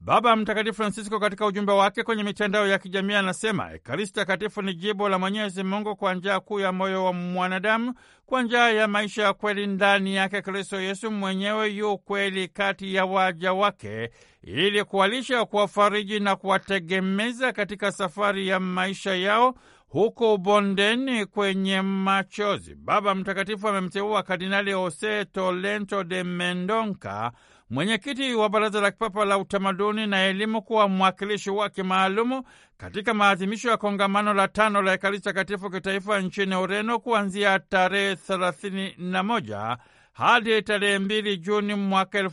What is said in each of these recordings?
Baba Mtakatifu Francisco katika ujumbe wake kwenye mitandao ya kijamii anasema Ekaristi Takatifu ni jibu la Mwenyezi Mungu kwa njaa kuu ya moyo wa mwanadamu, kwa njaa ya maisha ya kweli ndani yake Kristo Yesu mwenyewe yu kweli kati ya waja wake, ili kuwalisha, kuwafariji na kuwategemeza katika safari ya maisha yao huku bondeni kwenye machozi. Baba Mtakatifu amemteua Kardinali Jose Tolento de Mendonca, mwenyekiti wa Baraza la Kipapa la Utamaduni na Elimu, kuwa mwakilishi wake maalumu katika maadhimisho ya kongamano la tano la Ekaristi Takatifu kitaifa nchini Ureno kuanzia tarehe 31 hadi tarehe 2 Juni mwaka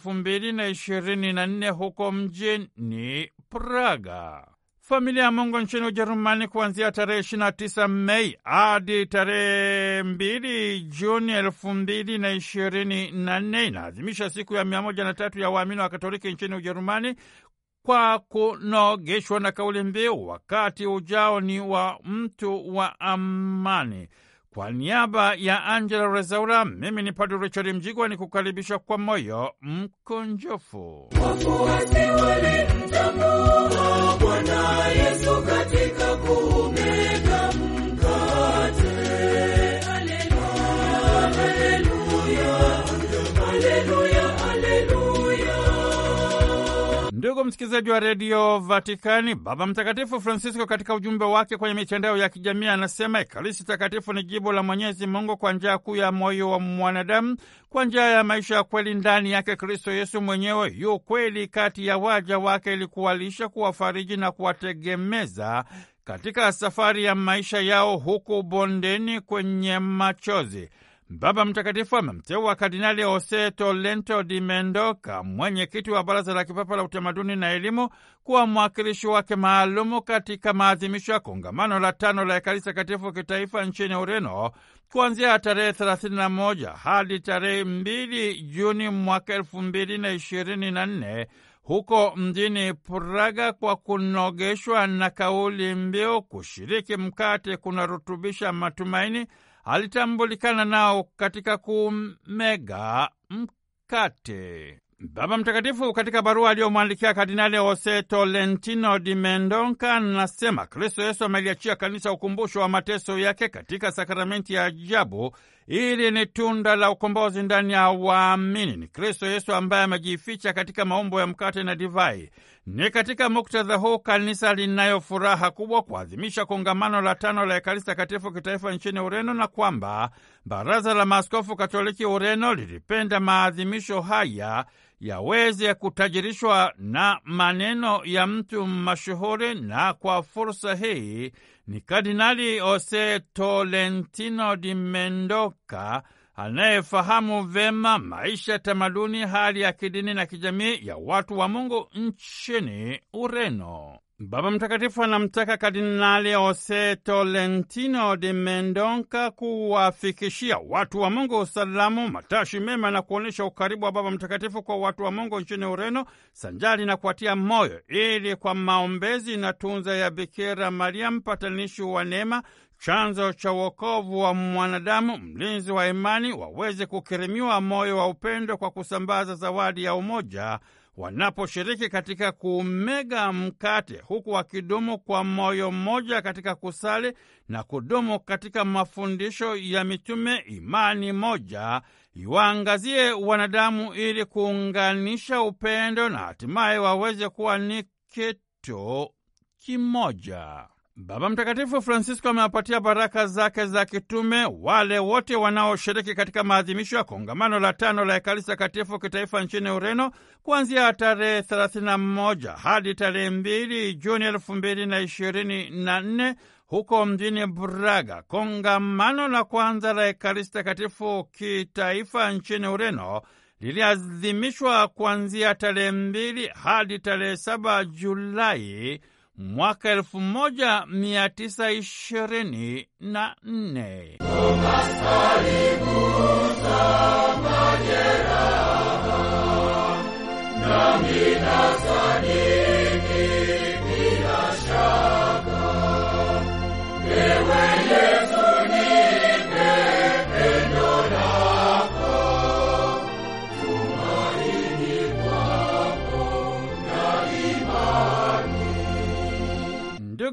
nne huko mjini Praga familia ya Mungu nchini Ujerumani kuanzia tarehe 29 Mei hadi tarehe 2 Juni elfu mbili na ishirini na nne inaadhimisha siku ya mia moja na tatu ya waamini wa Katoliki nchini Ujerumani kwa kunogeshwa na kauli mbiu wakati ujao ni wa mtu wa amani. Kwa niaba ya Angela Rezaura, mimi ni Padre Richard Mjigwa ni kukaribishwa kwa moyo Yesu. msikilizaji wa redio Vatikani, Baba Mtakatifu Francisco katika ujumbe wake kwenye mitandao ya kijamii anasema Ekaristi Takatifu ni jibu la Mwenyezi Mungu kwa njia kuu ya moyo wa mwanadamu, kwa njia ya maisha ya kweli ndani yake Kristo Yesu mwenyewe yu kweli kati ya waja wake, ili kuwalisha, kuwafariji na kuwategemeza katika safari ya maisha yao huku bondeni kwenye machozi. Baba Mtakatifu amemteua Kardinali Jose Tolento Di Mendoka, mwenyekiti wa Baraza la Kipapa la Utamaduni na Elimu, kuwa mwakilishi wake maalumu katika maadhimisho ya kongamano la tano la Ekaristi Takatifu kitaifa nchini Ureno, kuanzia tarehe 31 hadi tarehe 2 Juni mwaka 2024 huko mjini Praga kwa kunogeshwa na kauli mbiu kushiriki mkate kunarutubisha matumaini alitambulikana nao katika kumega mkate. Baba Mtakatifu katika barua aliyomwandikia Kardinali Jose Tolentino di Mendonca anasema Kristo Yesu ameliachia kanisa ukumbusho wa mateso yake katika sakramenti ya ajabu, ili ni tunda la ukombozi ndani ya waamini. Ni Kristo Yesu ambaye amejificha katika maumbo ya mkate na divai. Ni katika muktadha huu kanisa linayo furaha kubwa kuadhimisha kongamano la tano la Ekaristi Takatifu kitaifa nchini Ureno na kwamba baraza la maaskofu Katoliki Ureno lilipenda maadhimisho haya yaweze kutajirishwa na maneno ya mtu mashuhuri, na kwa fursa hii ni Kardinali Jose Tolentino di Mendoka anayefahamu vema maisha, tamaduni, hali ya kidini na kijamii ya watu wa Mungu nchini Ureno. Baba Mtakatifu anamtaka Kardinali Jose Tolentino de Mendonca kuwafikishia watu wa Mungu usalamu, matashi mema na kuonyesha ukaribu wa Baba Mtakatifu kwa watu wa Mungu nchini Ureno, sanjari na kuwatia moyo ili kwa maombezi na tunza ya Bikira Maria, mpatanishi wa neema chanzo cha uokovu wa mwanadamu, mlinzi wa imani, waweze kukirimiwa moyo wa upendo kwa kusambaza zawadi ya umoja wanaposhiriki katika kumega mkate, huku wakidumu kwa moyo mmoja katika kusali na kudumu katika mafundisho ya mitume. Imani moja iwaangazie wanadamu ili kuunganisha upendo na hatimaye waweze kuwa ni kitu kimoja. Baba Mtakatifu Francisco amewapatia baraka zake za kitume wale wote wanaoshiriki katika maadhimisho ya kongamano la tano la Ekaristi Takatifu kitaifa nchini Ureno kuanzia tarehe 31 hadi tarehe 2 Juni 2024 huko mjini Braga. Kongamano la kwanza la Ekaristi Takatifu kitaifa nchini Ureno liliadhimishwa kuanzia tarehe mbili hadi tarehe saba Julai mwaka elfu moja mia tisa ishirini na nne.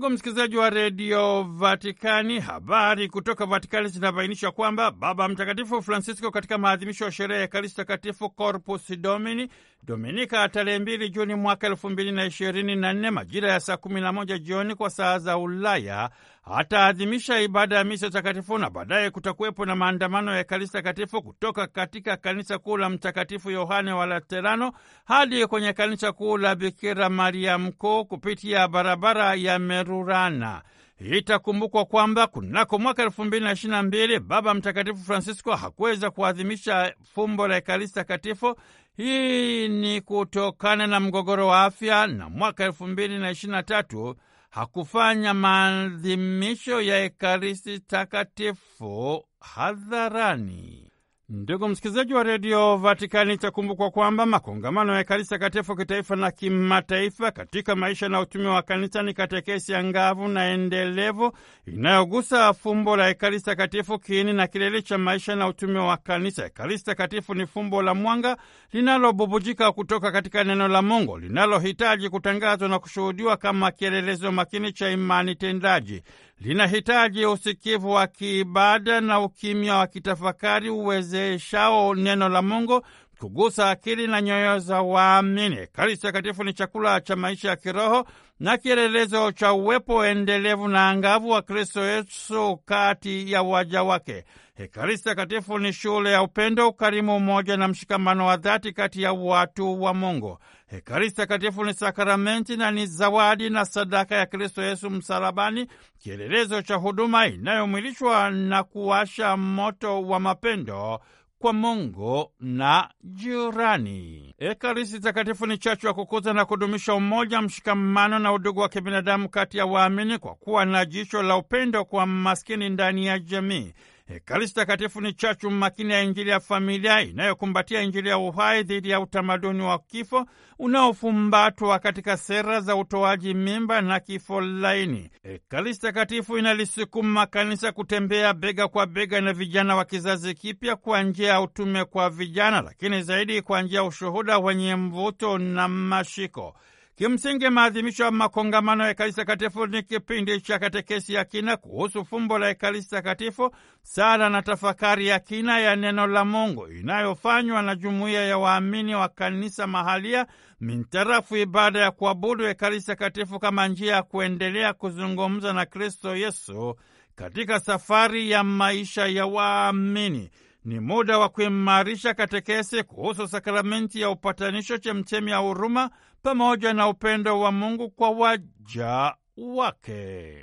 Ndugu msikilizaji wa redio Vatikani, habari kutoka Vatikani zinabainisha kwamba Baba Mtakatifu Francisco katika maadhimisho ya sherehe ya Ekaristi Takatifu, Corpus Domini, Dominika tarehe 2 Juni mwaka elfu mbili na ishirini na nne majira ya saa 11 jioni kwa saa za Ulaya ataadhimisha ibada ya misa takatifu na baadaye kutakuwepo na maandamano ya Ekaristi Takatifu kutoka katika kanisa kuu la Mtakatifu Yohane wa Laterano hadi kwenye kanisa kuu la Bikira Maria Mkuu kupitia barabara ya Merurana. Itakumbukwa kwamba kunako mwaka elfu mbili na ishirini na mbili Baba Mtakatifu Francisco hakuweza kuadhimisha fumbo la Ekaristi Takatifu. Hii ni kutokana na mgogoro wa afya, na mwaka elfu mbili na ishirini na tatu hakufanya maadhimisho ya Ekaristi takatifu hadharani. Ndugu msikilizaji wa redio Vatikani, itakumbukwa kwamba makongamano ya kanisa takatifu kitaifa na kimataifa katika maisha na utumi wa kanisa ni katekesi ya ngavu na endelevu inayogusa fumbo la ekaristi takatifu, kiini na kilele cha maisha na utumi wa kanisa. Ekaristi takatifu ni fumbo la mwanga linalobubujika kutoka katika neno la Mungu linalohitaji kutangazwa na kushuhudiwa kama kielelezo makini cha imani tendaji linahitaji usikivu wa kiibada na ukimya wa kitafakari uweze shao neno la Mungu kugusa akili na nyoyo za waamini. Ekaristi Takatifu ni chakula cha maisha ya kiroho na kielelezo cha uwepo endelevu na angavu wa Kristo Yesu kati ya waja wake. Ekaristi Takatifu ni shule ya upendo, ukarimu, umoja na mshikamano wa dhati kati ya watu wa Mungu. Ekaristi Takatifu ni sakramenti na ni zawadi na sadaka ya Kristo Yesu msalabani, kielelezo cha huduma inayomwilishwa na kuwasha moto wa mapendo kwa Mungu na jirani. Ekaristi Takatifu ni chachu ya kukuza na kudumisha umoja, mshikamano na udugu wa kibinadamu kati ya waamini, kwa kuwa na jicho la upendo kwa maskini ndani ya jamii. Ekaristi Takatifu ni chachu makini ya Injili ya familia inayokumbatia Injili ya uhai dhidi ya utamaduni wa kifo unaofumbatwa katika sera za utoaji mimba na kifo laini. Ekaristi Takatifu inalisukuma kanisa kutembea bega kwa bega na vijana wa kizazi kipya kwa njia ya utume kwa vijana, lakini zaidi kwa njia ya ushuhuda wenye mvuto na mashiko. Kimsingi, maadhimisho ya makongamano ya Ekaristi Takatifu ni kipindi cha katekesi ya kina kuhusu fumbo la Ekaristi Takatifu, sala na tafakari ya kina ya neno la Mungu inayofanywa na jumuiya ya waamini wa kanisa mahalia mintarafu ibada ya kuabudu Ekaristi Takatifu kama njia ya kuendelea kuzungumza na Kristo Yesu katika safari ya maisha ya waamini. Ni muda wa kuimarisha katekesi kuhusu sakramenti ya upatanisho, chemchemi ya huruma pamoja na upendo wa Mungu kwa waja wake.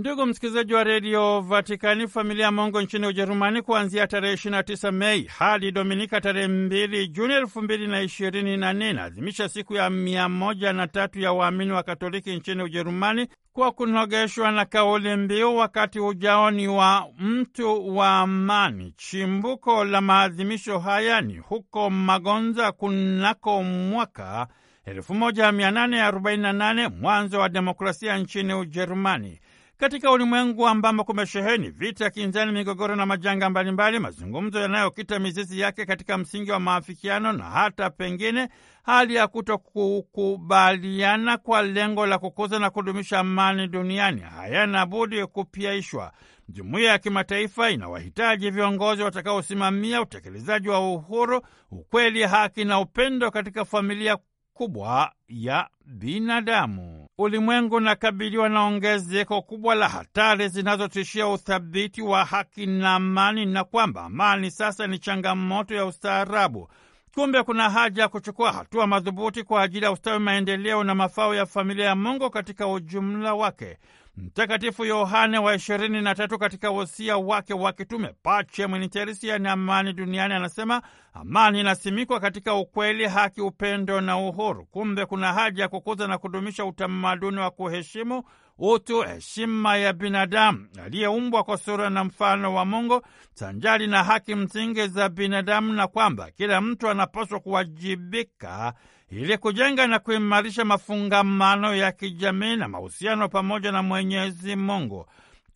Ndugu msikilizaji wa redio Vatikani, familia ya Mongo nchini Ujerumani kuanzia tarehe 29 Mei hadi Dominika tarehe 2 Juni 2024 inaadhimisha siku ya 13 ya waamini wa Katoliki nchini Ujerumani kwa kunogeshwa na kauli mbiu wakati ujao ni wa mtu wa amani. Chimbuko la maadhimisho haya ni huko Magonza kunako mwaka 1848 mwanzo wa demokrasia nchini Ujerumani. Katika ulimwengu ambamo kumesheheni vita, kinzani, migogoro na majanga mbalimbali, mazungumzo yanayokita mizizi yake katika msingi wa maafikiano na hata pengine hali ya kutokukubaliana kwa lengo la kukuza na kudumisha amani duniani hayana budi kupiaishwa Jumuiya ya kimataifa inawahitaji viongozi watakaosimamia utekelezaji wa uhuru, ukweli, haki na upendo katika familia kubwa ya binadamu ulimwengu unakabiliwa na ongezeko kubwa la hatari zinazotishia uthabiti wa haki na amani, na kwamba amani sasa ni changamoto ya ustaarabu. Kumbe kuna haja ya kuchukua hatua madhubuti kwa ajili ya ustawi, maendeleo na mafao ya familia ya Mungu katika ujumla wake. Mtakatifu Yohane wa ishirini na tatu katika wosia wake wa kitume Pache in Terris, yaani amani duniani, anasema amani inasimikwa katika ukweli, haki, upendo na uhuru. Kumbe kuna haja ya kukuza na kudumisha utamaduni wa kuheshimu utu, heshima ya binadamu aliyeumbwa kwa sura na mfano wa Mungu, sanjali na haki msingi za binadamu, na kwamba kila mtu anapaswa kuwajibika ili kujenga na kuimarisha mafungamano ya kijamii na mahusiano pamoja na Mwenyezi Mungu.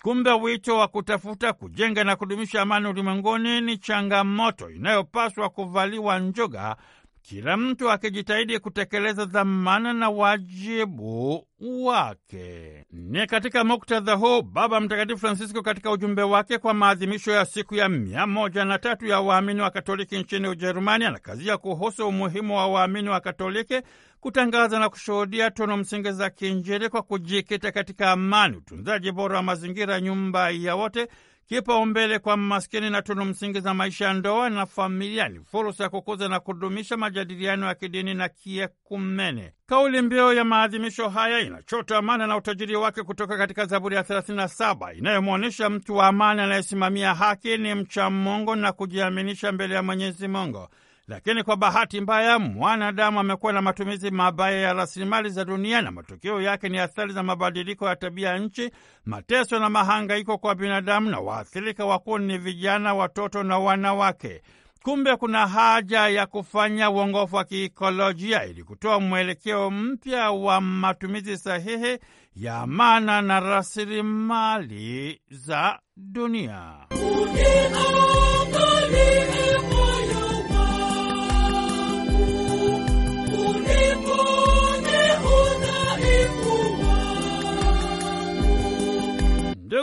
Kumbe wito wa kutafuta kujenga na kudumisha amani ulimwenguni ni changamoto inayopaswa kuvaliwa njuga kila mtu akijitahidi kutekeleza dhamana na wajibu wake. Ni katika muktadha huu Baba Mtakatifu Francisco katika ujumbe wake kwa maadhimisho ya siku ya mia moja na tatu ya waamini wa Katoliki nchini Ujerumani anakazia kuhusu umuhimu wa waamini wa Katoliki kutangaza na kushuhudia tunu msingi za kiinjili kwa kujikita katika amani, utunzaji bora wa mazingira, nyumba ya wote Kipaumbele kwa maskini na tunu msingi za maisha ya ndoa na familia ni fursa ya kukuza na kudumisha majadiliano ya kidini na kiekumene. Kauli mbiu ya maadhimisho haya inachota amana na utajiri wake kutoka katika Zaburi ya 37 inayomwonyesha mtu wa amani anayesimamia haki ni mcha Mungu na kujiaminisha mbele ya Mwenyezi Mungu. Lakini kwa bahati mbaya, mwanadamu amekuwa na matumizi mabaya ya rasilimali za dunia, na matokeo yake ni athari za mabadiliko ya tabia ya nchi, mateso na mahangaiko kwa binadamu, na waathirika wakuu ni vijana, watoto na wanawake. Kumbe kuna haja ya kufanya uongofu wa kiikolojia ili kutoa mwelekeo mpya wa matumizi sahihi ya mana na rasilimali za dunia.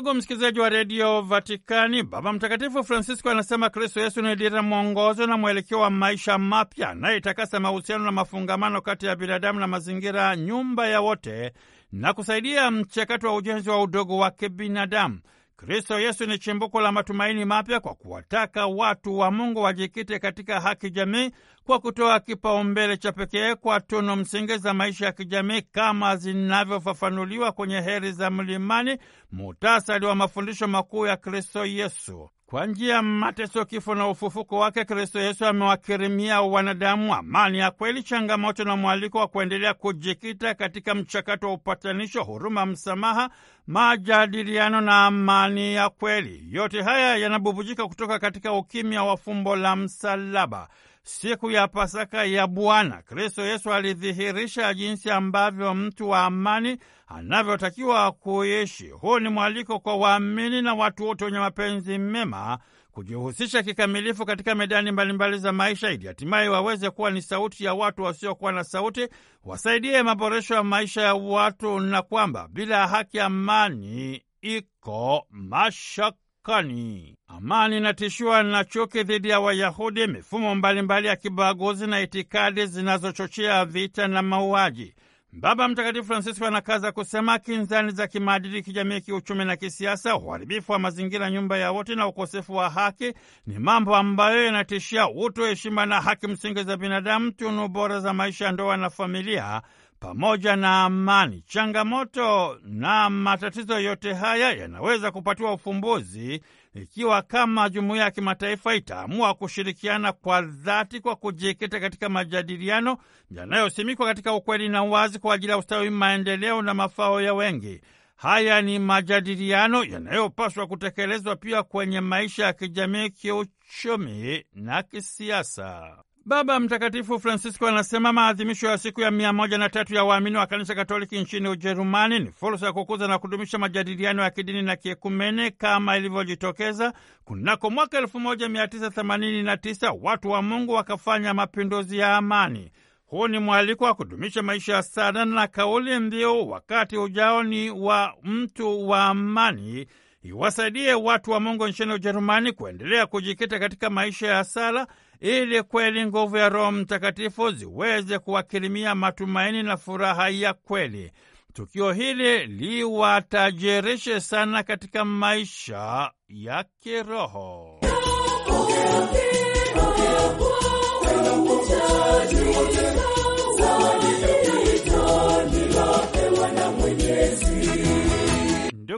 Ndugu msikilizaji wa redio Vatikani, Baba Mtakatifu Francisco anasema Kristo Yesu ni dira, mwongozo na mwelekeo wa maisha mapya anayetakasa mahusiano na mafungamano kati ya binadamu na mazingira, nyumba ya wote, na kusaidia mchakato wa ujenzi wa udugu wa kibinadamu. Kristo Yesu ni chimbuko la matumaini mapya kwa kuwataka watu wa Mungu wajikite katika haki jamii kwa kutoa kipaumbele cha pekee kwa tunu msingi za maisha ya kijamii kama zinavyofafanuliwa kwenye Heri za Mlimani, muhtasari wa mafundisho makuu ya Kristo Yesu. Kwa njia ya mateso, kifo na ufufuko wake, Kristo Yesu amewakirimia wanadamu amani ya kweli, changamoto na mwaliko wa kuendelea kujikita katika mchakato wa upatanisho, huruma, msamaha, majadiliano na amani ya kweli. Yote haya yanabubujika kutoka katika ukimya wa fumbo la msalaba. Siku ya Pasaka ya Bwana, Kristo Yesu alidhihirisha jinsi ambavyo mtu wa amani anavyotakiwa kuishi. Huu ni mwaliko kwa waamini na watu wote wenye mapenzi mema kujihusisha kikamilifu katika medani mbalimbali za maisha ili hatimaye waweze kuwa ni sauti ya watu wasiokuwa na sauti, wasaidie maboresho ya maisha ya watu, na kwamba bila haki amani iko mashakani. Amani inatishiwa na chuki dhidi ya Wayahudi, mifumo mbalimbali mbali ya kibaguzi na itikadi zinazochochea vita na mauaji. Baba Mtakatifu Francisco anakaza kusema kinzani za kimaadili, kijamii, kiuchumi na kisiasa, uharibifu wa mazingira, nyumba ya wote na ukosefu wa haki ni mambo ambayo yanatishia utu, heshima na haki msingi za binadamu, tunu bora za maisha ya ndoa na familia pamoja na amani. Changamoto na matatizo yote haya yanaweza kupatiwa ufumbuzi ikiwa kama jumuiya ya kimataifa itaamua kushirikiana kwa dhati kwa kujikita katika majadiliano yanayosimikwa katika ukweli na uwazi kwa ajili ya ustawi, maendeleo na mafao ya wengi. Haya ni majadiliano yanayopaswa kutekelezwa pia kwenye maisha ya kijamii, kiuchumi na kisiasa. Baba Mtakatifu Francisco anasema maadhimisho ya siku ya mia moja na tatu ya waamini wa kanisa Katoliki nchini Ujerumani ni fursa ya kukuza na kudumisha majadiliano ya kidini na kiekumene kama ilivyojitokeza kunako mwaka elfu moja mia tisa themanini na tisa watu wa Mungu wakafanya mapinduzi ya amani. Huu ni mwaliko wa kudumisha maisha ya sada na kauli mbiu wakati ujao ni wa mtu wa amani iwasaidie watu wa Mungu nchini Ujerumani kuendelea kujikita katika maisha ya sala ili kweli nguvu ya Roho Mtakatifu ziweze kuwakirimia matumaini na furaha ya kweli. Tukio hili liwatajirishe sana katika maisha ya kiroho.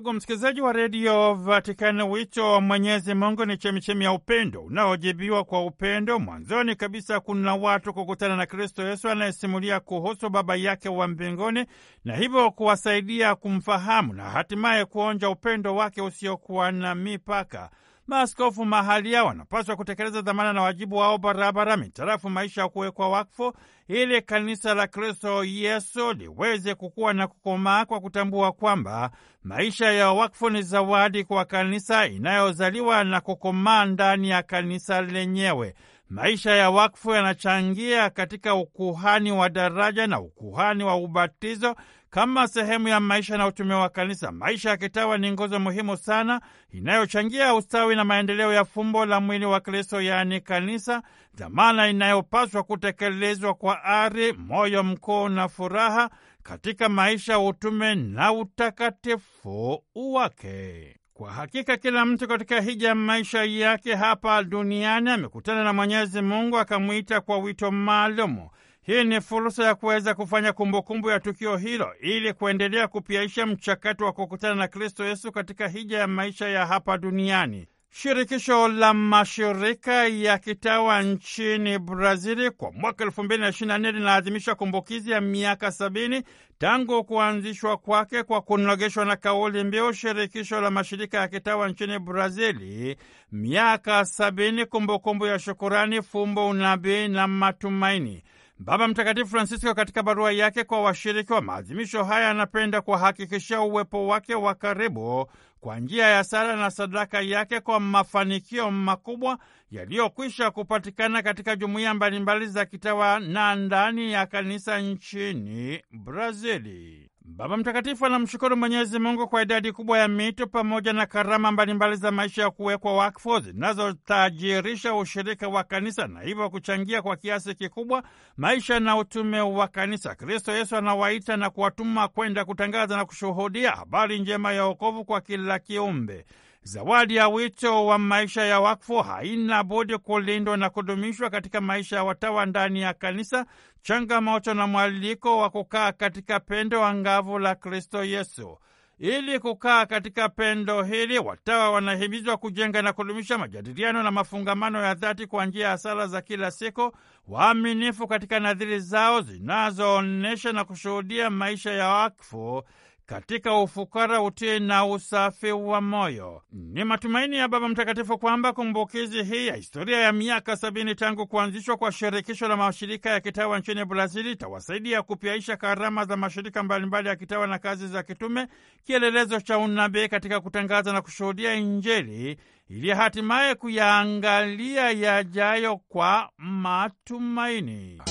Ndugu msikilizaji wa redio Vatikani, wito wa Mwenyezi Mungu ni chemichemi ya upendo unaojibiwa kwa upendo. Mwanzoni kabisa kuna watu kukutana na Kristo Yesu anayesimulia kuhusu Baba yake wa mbinguni na hivyo kuwasaidia kumfahamu na hatimaye kuonja upendo wake usiokuwa na mipaka. Maaskofu mahalia wanapaswa kutekeleza dhamana na wajibu wao barabara mitarafu maisha ya kuwekwa wakfu, ili kanisa la Kristo Yesu liweze kukua na kukomaa kwa kutambua kwamba maisha ya wakfu ni zawadi kwa kanisa inayozaliwa na kukomaa ndani ya kanisa lenyewe. Maisha ya wakfu yanachangia katika ukuhani wa daraja na ukuhani wa ubatizo kama sehemu ya maisha na utume wa Kanisa. Maisha ya kitawa ni nguzo muhimu sana inayochangia ustawi na maendeleo ya fumbo la mwili wa Kristo, yaani Kanisa, dhamana inayopaswa kutekelezwa kwa ari, moyo mkuu na furaha katika maisha, utume na utakatifu wake. Kwa hakika kila mtu katika hija ya maisha yake hapa duniani amekutana na Mwenyezi Mungu akamwita kwa wito maalumu. Hii ni fursa ya kuweza kufanya kumbukumbu ya tukio hilo ili kuendelea kupiaisha mchakato wa kukutana na Kristo Yesu katika hija ya maisha ya hapa duniani. Shirikisho la mashirika ya kitawa nchini Brazili kwa mwaka elfu mbili na ishirini na nne linaadhimisha kumbukizi ya miaka sabini tangu kuanzishwa kwake kwa kunogeshwa na kauli mbiu shirikisho la mashirika ya kitawa nchini Brazili, miaka sabini, kumbukumbu ya shukurani, fumbo, unabii na matumaini. Baba Mtakatifu Francisco katika barua yake kwa washiriki wa maadhimisho haya anapenda kuwahakikishia uwepo wake wa karibu kwa njia ya sala na sadaka yake kwa mafanikio makubwa yaliyokwisha kupatikana katika jumuiya mbalimbali za kitawa na ndani ya kanisa nchini Brazili. Baba Mtakatifu anamshukuru Mwenyezi Mungu kwa idadi kubwa ya mito pamoja na karama mbalimbali za maisha ya kuwekwa wakfu zinazotajirisha ushirika wa kanisa na hivyo kuchangia kwa kiasi kikubwa maisha na utume wa kanisa. Kristo Yesu anawaita na kuwatuma kwenda kutangaza na kushuhudia habari njema ya wokovu kwa kila kiumbe. Zawadi ya wito wa maisha ya wakfu haina budi kulindwa na kudumishwa katika maisha ya watawa ndani ya kanisa, changamoto na mwaliko wa kukaa katika pendo angavu la Kristo Yesu. Ili kukaa katika pendo hili, watawa wanahimizwa kujenga na kudumisha majadiliano na mafungamano ya dhati kwa njia ya sala za kila siku, waaminifu katika nadhiri zao zinazoonyesha na kushuhudia maisha ya wakfu katika ufukara, utii na usafi wa moyo. Ni matumaini ya Baba Mtakatifu kwamba kumbukizi hii ya historia ya miaka sabini tangu kuanzishwa kwa shirikisho la mashirika ya kitawa nchini Brazili itawasaidia kupiaisha karama za mashirika mbalimbali ya kitawa na kazi za kitume, kielelezo cha unabii katika kutangaza na kushuhudia Injili ili hatimaye kuyaangalia yajayo kwa matumaini.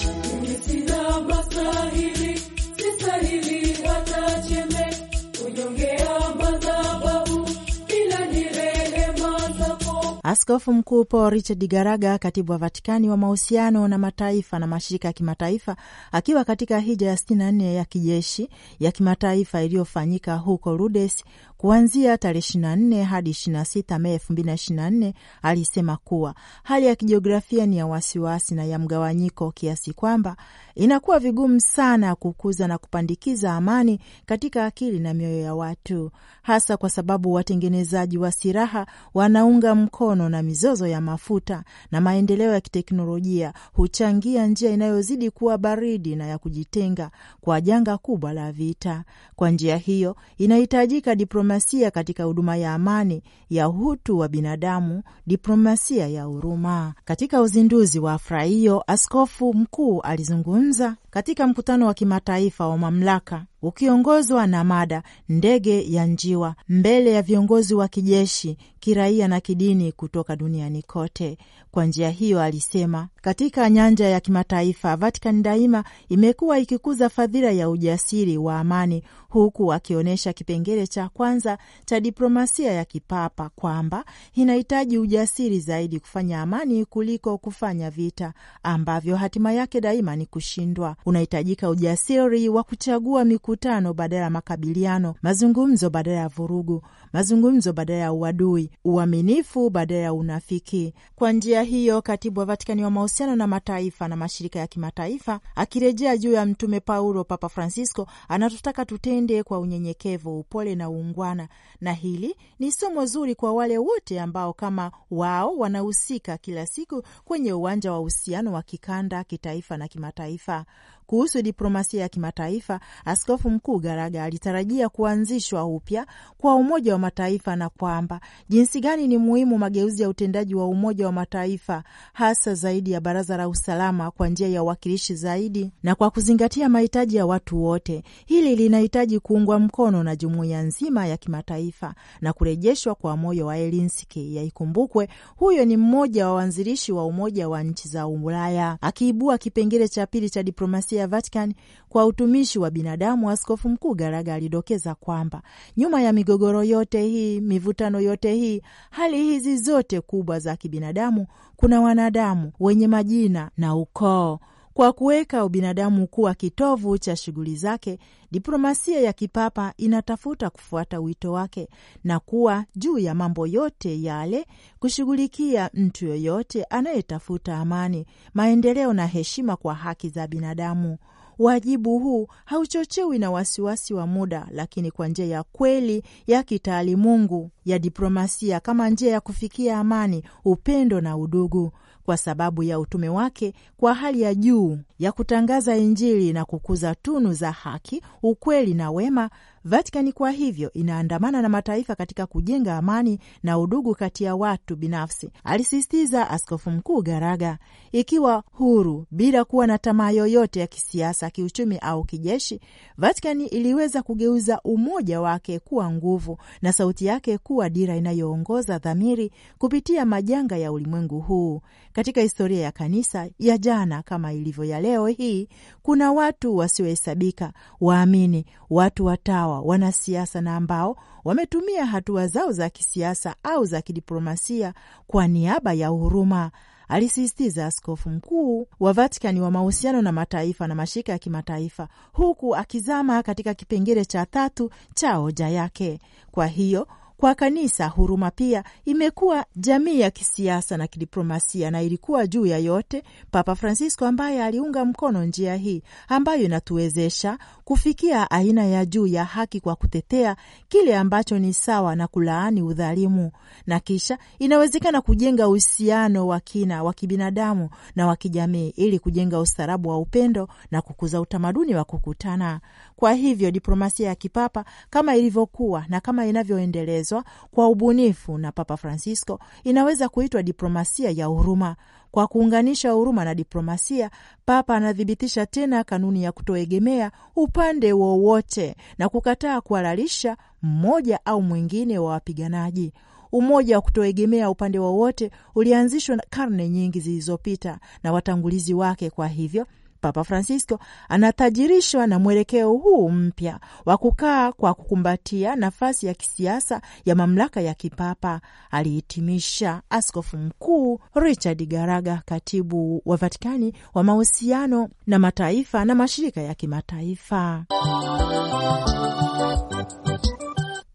Askofu Mkuu Paul Richard Garaga, katibu wa Vatikani wa mahusiano na mataifa na mashirika ya kimataifa, akiwa katika hija ya 64 ya kijeshi ya kimataifa iliyofanyika huko Lourdes Kuanzia tarehe 24 hadi 26 Mei 2024, alisema kuwa hali ya kijiografia ni ya wasiwasi na ya mgawanyiko kiasi kwamba inakuwa vigumu sana kukuza na kupandikiza amani katika akili na mioyo ya watu, hasa kwa sababu watengenezaji wa silaha wanaunga mkono na mizozo ya mafuta na maendeleo ya kiteknolojia huchangia njia inayozidi kuwa baridi na ya kujitenga kwa janga kubwa la vita. Kwa njia hiyo inahitajika diploma diplomasia katika huduma ya amani ya utu wa binadamu, diplomasia ya huruma. Katika uzinduzi wa afra hiyo, askofu mkuu alizungumza katika mkutano wa kimataifa wa mamlaka ukiongozwa na mada ndege ya njiwa mbele ya viongozi wa kijeshi kiraia na kidini kutoka duniani kote. Kwa njia hiyo, alisema, katika nyanja ya kimataifa, Vatican daima imekuwa ikikuza fadhila ya ujasiri wa amani, huku akionyesha kipengele cha kwanza cha diplomasia ya kipapa kwamba inahitaji ujasiri zaidi kufanya amani kuliko kufanya vita ambavyo hatima yake daima ni kushindwa. Unahitajika ujasiri wa kuchagua mikutano badala ya makabiliano, mazungumzo badala ya vurugu, mazungumzo badala ya uadui uaminifu badala ya unafiki. Kwa njia hiyo, katibu wa Vatikani wa mahusiano na mataifa na mashirika ya kimataifa, akirejea juu ya Mtume Paulo, Papa Francisco anatutaka tutende kwa unyenyekevu, upole na uungwana, na hili ni somo zuri kwa wale wote ambao kama wao wanahusika kila siku kwenye uwanja wa uhusiano wa kikanda, kitaifa na kimataifa. Kuhusu diplomasia ya kimataifa, Askofu Mkuu Garaga alitarajia kuanzishwa upya kwa Umoja wa Mataifa na kwamba jinsi gani ni muhimu mageuzi ya utendaji wa Umoja wa Mataifa, hasa zaidi ya Baraza la Usalama kwa njia ya uwakilishi zaidi na kwa kuzingatia mahitaji ya watu wote. Hili linahitaji kuungwa mkono na jumuiya nzima ya kimataifa na kurejeshwa kwa moyo wa Helsinki. Yaikumbukwe huyo ni mmoja wa waanzilishi wa Umoja wa Nchi za Ulaya, akiibua kipengele cha pili cha diplomasia ya Vatican kwa utumishi wa binadamu, Askofu Mkuu Garaga alidokeza kwamba nyuma ya migogoro yote hii, mivutano yote hii, hali hizi zote kubwa za kibinadamu, kuna wanadamu wenye majina na ukoo kwa kuweka ubinadamu kuwa kitovu cha shughuli zake, diplomasia ya kipapa inatafuta kufuata wito wake na kuwa juu ya mambo yote yale, kushughulikia mtu yoyote anayetafuta amani, maendeleo na heshima kwa haki za binadamu. Wajibu huu hauchochewi na wasiwasi wa muda, lakini kwa njia ya kweli ya kitaalimungu ya diplomasia, kama njia ya kufikia amani, upendo na udugu kwa sababu ya utume wake kwa hali ya juu ya kutangaza Injili na kukuza tunu za haki, ukweli na wema Vatikani kwa hivyo inaandamana na mataifa katika kujenga amani na udugu kati ya watu binafsi, alisisitiza Askofu Mkuu Garaga, ikiwa huru bila kuwa na tamaa yoyote ya kisiasa, kiuchumi au kijeshi. Vatikani iliweza kugeuza umoja wake kuwa nguvu na sauti yake kuwa dira inayoongoza dhamiri kupitia majanga ya ulimwengu huu. Katika historia ya kanisa ya jana kama ilivyo ya leo hii, kuna watu wasiohesabika, waamini, watu watawa hawa wanasiasa na ambao wametumia hatua zao za kisiasa au za kidiplomasia kwa niaba ya huruma, alisisitiza askofu mkuu wa Vatikani wa mahusiano na mataifa na mashirika ya kimataifa, huku akizama katika kipengele cha tatu cha hoja yake. Kwa hiyo kwa kanisa, huruma pia imekuwa jamii ya kisiasa na kidiplomasia, na ilikuwa juu ya yote Papa Francisco ambaye aliunga mkono njia hii ambayo inatuwezesha kufikia aina ya juu ya haki kwa kutetea kile ambacho ni sawa na kulaani udhalimu, na kisha inawezekana kujenga uhusiano wa kina wa kibinadamu na wa kijamii ili kujenga ustarabu wa upendo na kukuza utamaduni wa kukutana. Kwa hivyo diplomasia ya kipapa kama ilivyokuwa na kama inavyoendelezwa kuelezwa kwa ubunifu na Papa Francisco inaweza kuitwa diplomasia ya huruma. Kwa kuunganisha huruma na diplomasia, Papa anathibitisha tena kanuni ya kutoegemea upande wowote na kukataa kuhalalisha mmoja au mwingine wa wapiganaji. Umoja wa kutoegemea upande wowote ulianzishwa karne nyingi zilizopita na watangulizi wake, kwa hivyo Papa Francisco anatajirishwa na mwelekeo huu mpya wa kukaa kwa kukumbatia nafasi ya kisiasa ya mamlaka ya kipapa, alihitimisha Askofu Mkuu Richard Garaga, katibu wa Vatikani wa mahusiano na mataifa na mashirika ya kimataifa.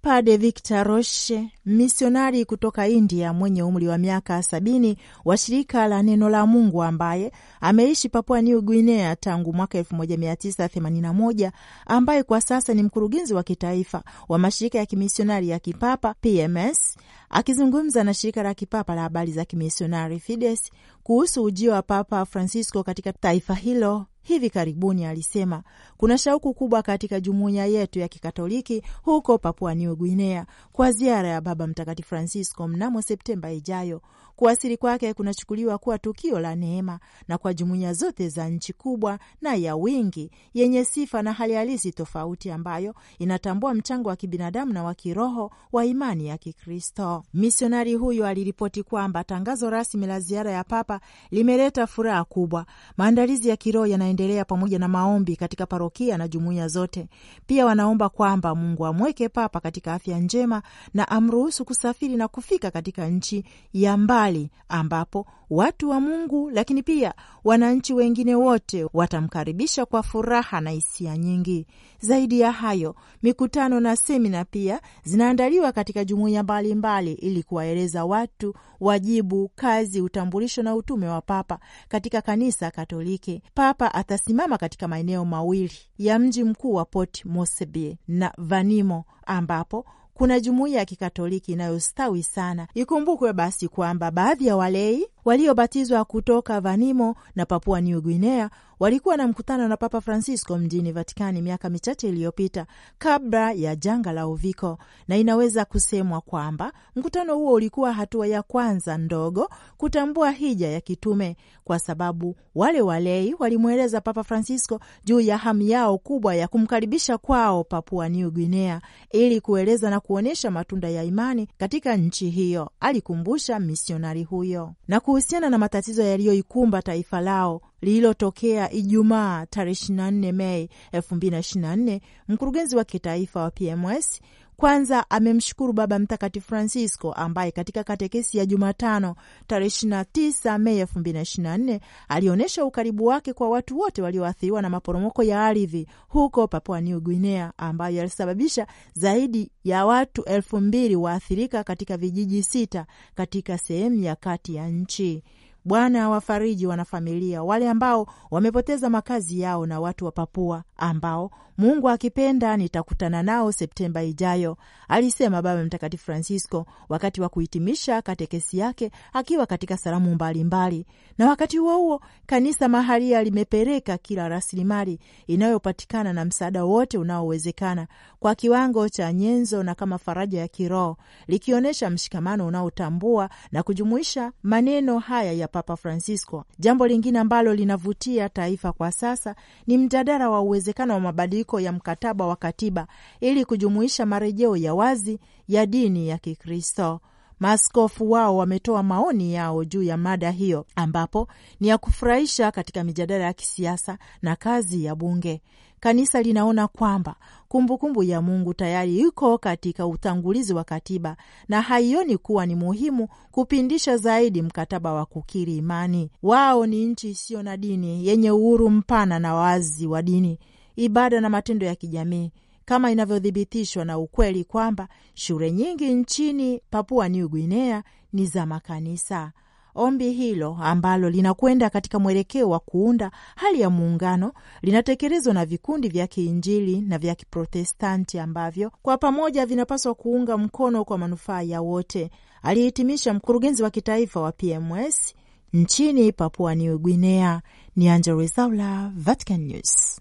Pade Victor Roche, misionari kutoka India mwenye umri wa miaka sabini wa shirika la neno la Mungu ambaye ameishi Papua New Guinea tangu mwaka 1981 ambaye kwa sasa ni mkurugenzi wa kitaifa wa mashirika ya kimisionari ya kipapa PMS, akizungumza na shirika la kipapa la habari za kimisionari Fides kuhusu ujio wa Papa Francisco katika taifa hilo hivi karibuni alisema kuna shauku kubwa katika jumuiya yetu ya Kikatoliki huko Papua New Guinea kwa ziara ya Baba Mtakatifu Francisco mnamo Septemba ijayo kuasiri kwake kunachukuliwa kuwa tukio la neema na kwa jumuiya zote za nchi kubwa na ya wingi yenye sifa na hali halisi tofauti, ambayo inatambua mchango wa kibinadamu na wa kiroho wa imani ya Kikristo. Misionari huyo aliripoti kwamba tangazo rasmi la ziara ya Papa limeleta furaha kubwa. Maandalizi ya kiroho yanaendelea pamoja na maombi katika parokia na jumuiya zote. Pia wanaomba kwamba Mungu amweke Papa katika afya njema na amruhusu kusafiri na kufika katika nchi ya mbali mbalimbali ambapo watu wa Mungu lakini pia wananchi wengine wote watamkaribisha kwa furaha na hisia nyingi. Zaidi ya hayo, mikutano na semina pia zinaandaliwa katika jumuiya mbalimbali ili kuwaeleza watu wajibu, kazi, utambulisho na utume wa Papa katika Kanisa Katoliki. Papa atasimama katika maeneo mawili ya mji mkuu wa Port Moresby na Vanimo ambapo kuna jumuiya ya Kikatoliki inayostawi sana. Ikumbukwe basi kwamba baadhi ya walei waliobatizwa kutoka Vanimo na Papua New Guinea walikuwa na mkutano na Papa Francisco mjini Vatikani miaka michache iliyopita kabla ya janga la Uviko, na inaweza kusemwa kwamba mkutano huo ulikuwa hatua ya kwanza ndogo kutambua hija ya kitume, kwa sababu wale walei walimweleza Papa Francisco juu ya hamu yao kubwa ya kumkaribisha kwao Papua New Guinea ili kueleza na kuonyesha matunda ya imani katika nchi hiyo, alikumbusha misionari huyo. Na kuhusiana na matatizo yaliyoikumba taifa lao lililotokea Ijumaa tarehe 24 Mei 2024, mkurugenzi wa kitaifa wa PMS kwanza amemshukuru Baba Mtakatifu Francisco ambaye katika katekesi ya Jumatano tarehe 29 Mei 2024 alionyesha ukaribu wake kwa watu wote walioathiriwa na maporomoko ya ardhi huko Papua New Guinea ambayo yalisababisha zaidi ya watu elfu mbili waathirika katika vijiji sita katika sehemu ya kati ya nchi. Bwana awafariji wanafamilia wale ambao wamepoteza makazi yao na watu wa Papua ambao Mungu akipenda nitakutana nao Septemba ijayo, alisema Baba Mtakatifu Francisco wakati wa kuhitimisha katekesi yake akiwa katika salamu mbalimbali. Na wakati huo huo, kanisa mahalia limepereka kila rasilimali inayopatikana na msaada wote unaowezekana kwa kiwango cha nyenzo na kama faraja ya kiroho, likionyesha mshikamano unaotambua na kujumuisha maneno haya ya Papa Francisco. Jambo lingine ambalo linavutia taifa kwa sasa ni mjadala wa uwezekano wa mabadiliko ya mkataba wa katiba ili kujumuisha marejeo ya wazi ya dini ya Kikristo. Maaskofu wao wametoa maoni yao juu ya mada hiyo, ambapo ni ya kufurahisha katika mijadala ya kisiasa na kazi ya bunge. Kanisa linaona kwamba kumbukumbu kumbu ya Mungu tayari iko katika utangulizi wa katiba na haioni kuwa ni muhimu kupindisha zaidi mkataba wa kukiri imani. Wao ni nchi isiyo na dini yenye uhuru mpana na wazi wa dini, ibada na matendo ya kijamii kama inavyothibitishwa na ukweli kwamba shule nyingi nchini Papua New Guinea ni za makanisa. Ombi hilo ambalo linakwenda katika mwelekeo wa kuunda hali ya muungano linatekelezwa na vikundi vya kiinjili na vya kiprotestanti ambavyo kwa pamoja vinapaswa kuunga mkono kwa manufaa ya wote, alihitimisha mkurugenzi wa kitaifa wa PMS nchini Papua New Guinea. Ni Angella Rwezaula, Vatican News.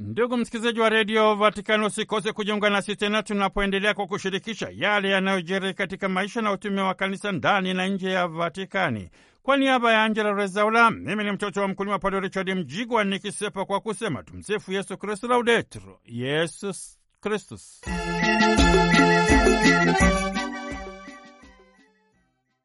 Ndugu msikilizaji wa redio Vatikani, usikose kujiunga nasi tena tunapoendelea kwa kushirikisha yale yanayojiri katika maisha na utume wa kanisa ndani na nje ya Vatikani. Kwa niaba ya Angela Rezaula, mimi ni mtoto wa mkulima Padre Richard Mjigwa nikisepa kwa kusema tumsifu Yesu Kristu, Laudetur Yesus Kristus.